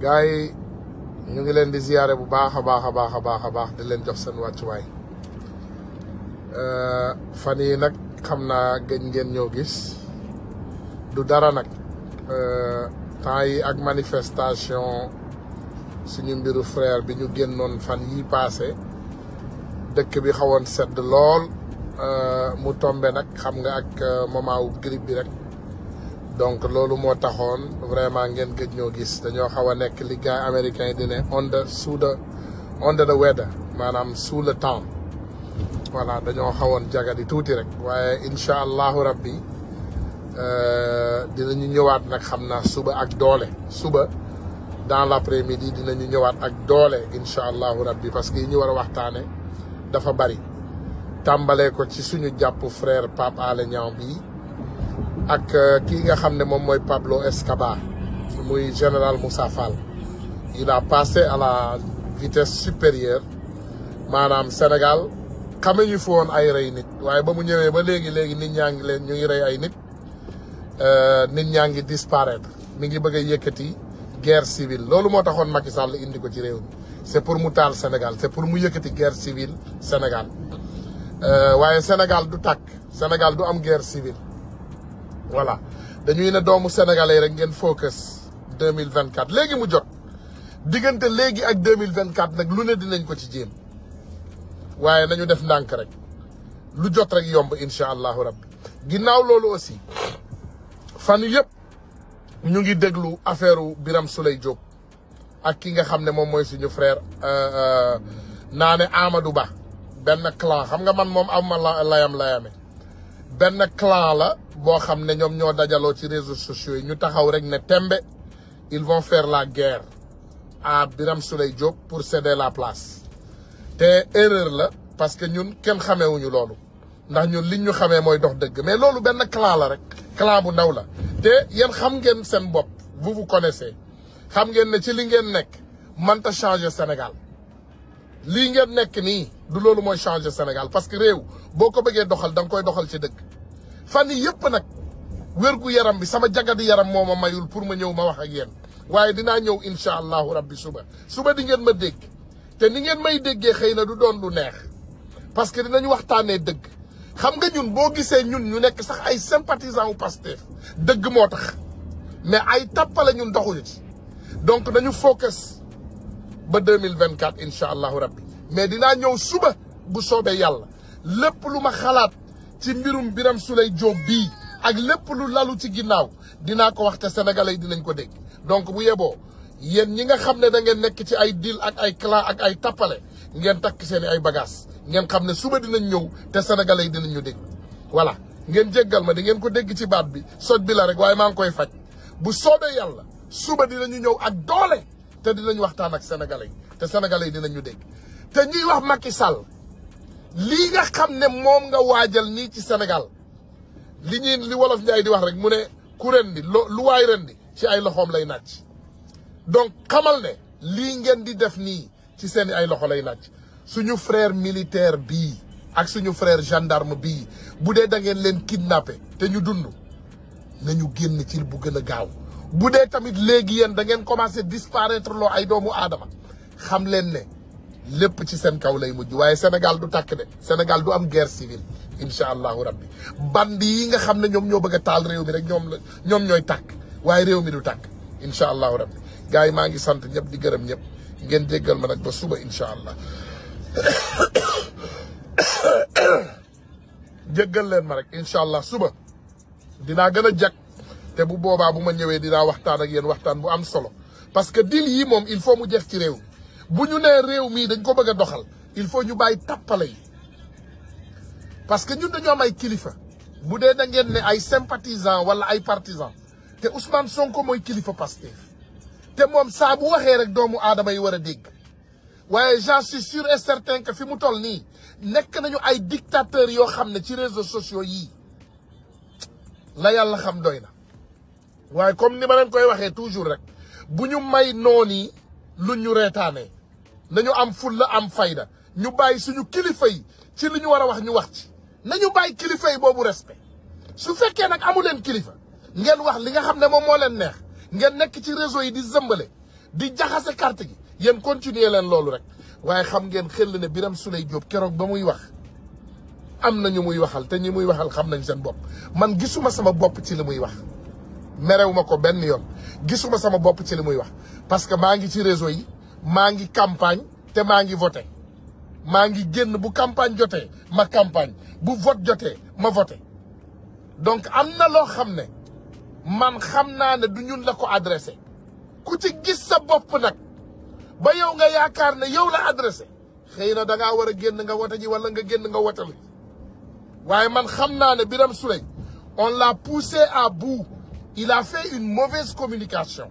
gars yi ñu ngi leen di ziyaare bu baax a baax a baax a baax a baax di leen jox seen wàccuwaay euh, fan yi nag xam naa gëj ngeen ñoo gis du dara nag euh, temps yi ak manifestation si suñu mbiru frère bi ñu génnoon fan yi passé dëkk bi xawoon sedd lool euh, mu tombe nag xam nga ak moment wu grippe bi rek donc lolu mo taxone vraiment ngeen gëj ñoo gis dañoo xawa nek li gaay américain di ne under sous the under the weather manam sous le temps voilà dañoo xawon jaga di tuuti rek waaye incha allahu rabbi euh, dinañu ñëwaat nak xamna suba ak doole suba dans l'après midi dinañu ñëwaat ak doole inshallah rabbi parce que ñu wara waxtane dafa bari tambalé ko ci suñu japp frère Pape ala bi ak euh, kii nga xam ne moom mooy Pablo Escobar muy général Moussa Fall il a passé à la vitesse supérieure maanaam Sénégal xame ñu fi woon ay rey nit waaye ba mu ñëwee ba léegi léegi nit ñaa ngi leen ñu ngi rey ay nit euh, nit ñaa ngi disparaître mi ngi bëgg a yëkkati guerre civile loolu moo taxoon Macky Sall indi ko ci réew mi c'est pour mu taal Sénégal c'est pour mu yëkkati guerre civile Sénégal euh, waaye Sénégal du tàkk Sénégal du am guerre civile voilà dañuy ne doomu sénégalais rek ngeen focus 2024 légui mu jot digënté légui ak 2024 nak lu ne dinañ ko ci jëm wayé nañu def ndank rek lu jot rek yomb inshallah rabb ginnaw lolu aussi fan yépp ñu ngi déglu affaireu biram souley Diop ak ki nga xamné mom moy suñu frère euh, euh nané Amadou Ba ben clan xam nga man mom am la layam layame benn clan la boo xam ne ñoom ñoo dajaloo ci réseau sociaux yi ñu taxaw rek ne tembe ils vont faire la guerre à Birame Souleye Diop pour céder la place te erreur la parce que ñun kenn xamewuñu loolu ndax ñun liñ ñu xamee mooy dox dëgg mais loolu benn clan la rek clan bu ndaw la te yéen xam ngeen seen bopp vous vous connaissez xam ngeen ne ci li ngeen nekk mënta changer Sénégal lii ngeen nekk nii du loolu mooy changer Sénégal parce que réew boo ko bëggee doxal danga koy doxal ci dëgg fan yii yëpp nag wérgu yaram bi sama jagadi yaram moo ma mayul pour ma ñëw ma wax ak yéen waaye dinaa ñëw incha allahu rabbi suba suba di ngeen ma dégg te ni ngeen may déggee xëy na du doon lu neex parce que dinañ waxtaanee dëgg xam nga ñun boo gisee ñun ñu nekk sax ay sympathisant u Pastef dëgg moo tax mais ay tappale ñun doxuñu ci donc dañu foo focus ba 2024 incha allahu rabbi mais dinaa ñëw suba bu soobee yàlla lepp lu ma xalat ci mbirum biram Souleye job bi ak lepp lu lalu ci ginnaw dina ko wax te sénégalais dinañ ko dégg donc bu yeboo yéen ñi nga xamne da ngeen nekk ci ay deal ak ay clan ak ay tapalé ngeen tak seen ay bagages ngeen xamne suba dinañ ñew te sénégalais dinañ ñu dégg voilà ngeen jéggal ma di ngeen ko dégg ci baat bi soj bi la rek waaye ma ngi koy fajj bu soobee yalla suba dinañu ñew ak doole te dinañ waxtaan ak sénégalais te sénégalais dinañ ñu dégg te ñi wax Macky Sall Liga nga xamne ne nga wajal ni ci senegal li ñi li wolof ñay di wax rek mu ne ku ren di lu way ren di ci ay loxom lay nacc donc xamal ne li ngeen di def ni ci seen ay loxo lay nacc suñu frère militaire bi ak suñu frère gendarme bi bu dee da ngeen leen kidnappé te ñu dund nañu genn ci bu gëna gaaw bu tamit légui yeen da ngeen commencé disparaître lo ay doomu adama xam leen ne lépp ci seen kaw lay mujj waaye Sénégal du tàkk de Sénégal du am guerre civile incha allahu rabbi band yi nga xam ne ñoom ñoo bëgg a taal réew mi rek ñoom la ñoom ñooy tàkk waaye réew mi du tàkk incha allahu rabbi gars yi maa ngi sant ñëpp di gërëm ñëpp ngeen jéggal ma nag ba suba incha allah jëggal leen ma rek incha allah suba dinaa gën a jag te bu boobaa bu ma ñëwee dinaa waxtaan ak yéen waxtaan bu am solo parce que dil yi moom il faut mu jeex ci réew buñu né nee réew mii dañ ko bëgg doxal il faut ñu bàyyi tapalé parce que ñun dañoo am ay kilifa bu dee da ngeen né ay sympathisant wala ay partisan té Ousmane Sonko moy kilifa pasteur té mom sa bu waxé rek doomu adamay yi war a dégg waaye j'en suis sûr et certain que fi mu toll nii nekk nañu ay dictateurs yo xamné ci réseaux sociaux yi la yalla xam doyna waye comme ni ma leen koy waxé toujours rek buñu may noni yi lu ñu reetaanee nañu am fulla am fayda ñu bàyyi suñu kilifa yi ci li ñu war a wax ñu wax ci nañu bàyyi kilifa yi boobu respe su fekkee nag amu leen kilifa ngeen wax li nga xam ne moom moo leen neex ngeen nekk ci réseau yi di zëmbale di jaxase carte gi yéen continuer leen loolu rek waaye xam ngeen xel ne Birame Souleye Diop keroog ba muy wax am na ñu muy waxal te ñi muy waxal xam nañ seen bopp man gisuma sama bopp ci li muy wax merewuma ko benn yoon gisuma sama bopp ci li muy wax parce que maa ngi ci réseau yi Mangi campagne te mangi voter Mangi maa bu campagne joté ma campagne bu vote joté ma voter donc amna lo xamné man xamna né ne du ñun la ko adressé ku ci gis sa bop nak ba yow nga yaakar né yow la adressé xeyna da nga wara nga wote ji wala nga génn nga wote waye man xamna né ne Birame on l'a poussé à bout il a fait une mauvaise communication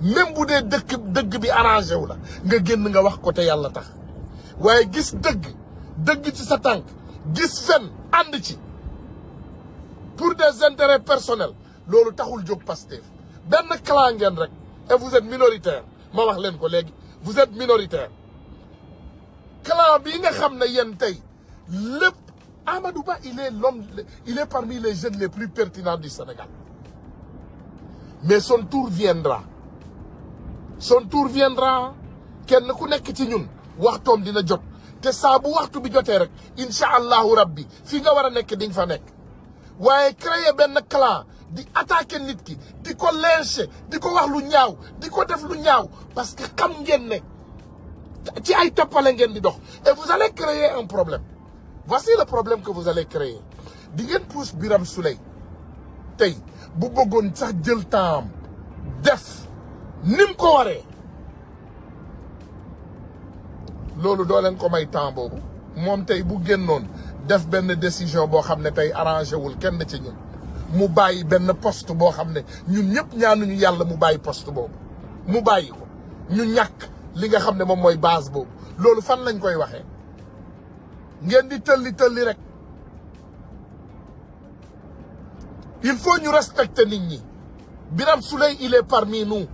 même bu dee dëkk dëgg bi arrangé wu nga génn nga wax tax gis ci sa gis pour des intérêts personnels taxul clan rek et vous êtes minoritaire ma wax ko vous êtes minoritaire clan bi nga xam ne il est l'homme il est parmi les jeunes les plus pertinents du Sénégal mais son tour viendra son tour viendra kenn ku nek ci ñun waxtom dina jot té sa bu waxtu bi jotee rek inshallah allahu rabbi fi nga wara nek diñ fa nek waye créer ben clan di attaquer nit ki di ko lyncher di ko wax lu ñaaw di ko def lu ñaaw parce que xam ngeen ne ci ay tappale ngeen di dox et vous allez créer un problème voici le problème que vous allez créer di ngeen pousse biram Souleye tay bu bëggoon sax jël temps def nim ko waree loolu doo leen ko may temps boobu moom tey bu génnoon def benn décision boo xam ne tey arrangé wul kenn ci ñun mu bàyyi benn poste boo xam ne ñun ñëpp ñaanuñu yàlla mu bàyyi poste boobu mu bàyyi ko ñu ñàkk li nga xam ne moom mooy base boobu loolu fan lañ koy waxee ngeen di tëlli tëlli rek il faut ñu respecter nit ñi Birame Souleye il est parmi nous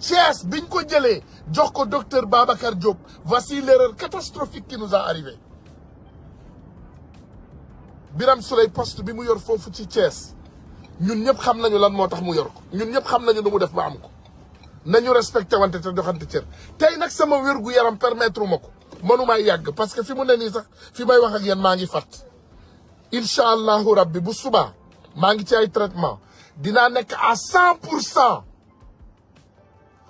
Chess, Binko ko Djoko docteur Babacar Diop voici l'erreur catastrophique qui nous a arrivé Birame poste bi mu yor fofu ci ñun ñep xam lan motax mu yor ko ñun mu def ba te parce que fi mu ne sax fi may wax ak yeen fat inshallah rabbi bu traitement Dina nekk à 100%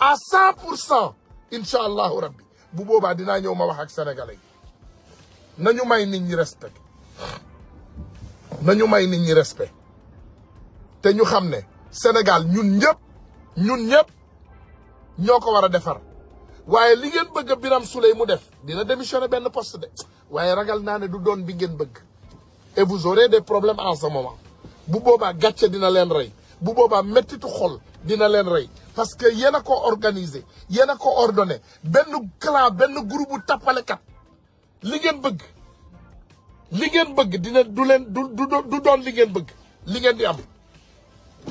à cent pour cent incha allahu rabbi bu boobaa dinaa ñëw ma wax ak sénégalais yi nañu may nit ñi respect nañu may nit ñi respe te ñu xam ne Sénégal ñun ñëpp ñun ñëpp ñoo ko war a defar waaye li ngeen bëgg Birame Souleye mu def dina démissionner benn poste de waaye ragal naa ne du doon bi ngeen bëgg et vous aurez des problèmes en ce moment bu boobaa gàcce dina leen rey bu boobaa mettitu xol dina leen rey parce que yéen a ko organisé yéen ko ordonné benn clan benn groupe tapalé kat li ngeen bëgg li ngeen bëgg dina du dou du du doon li ngeen bëgg li ngeen di am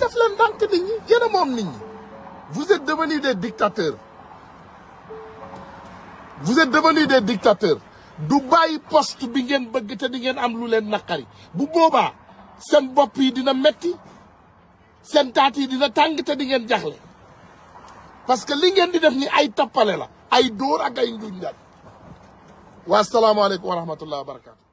def len dank nit ñi yéen a nit ñi vous êtes devenus des dictateurs vous êtes devenus des dictateurs du bàyyi poste bi ngeen bëgg te di ngeen am lu len nakari bu boba sen bop yi dina metti sen tati dina tang te di ngeen jaxle parce que li ngeen di def ni ay tapale la ay door ak ay njuñ wa assalamu alaykum wa rahmatullahi wa barakatuh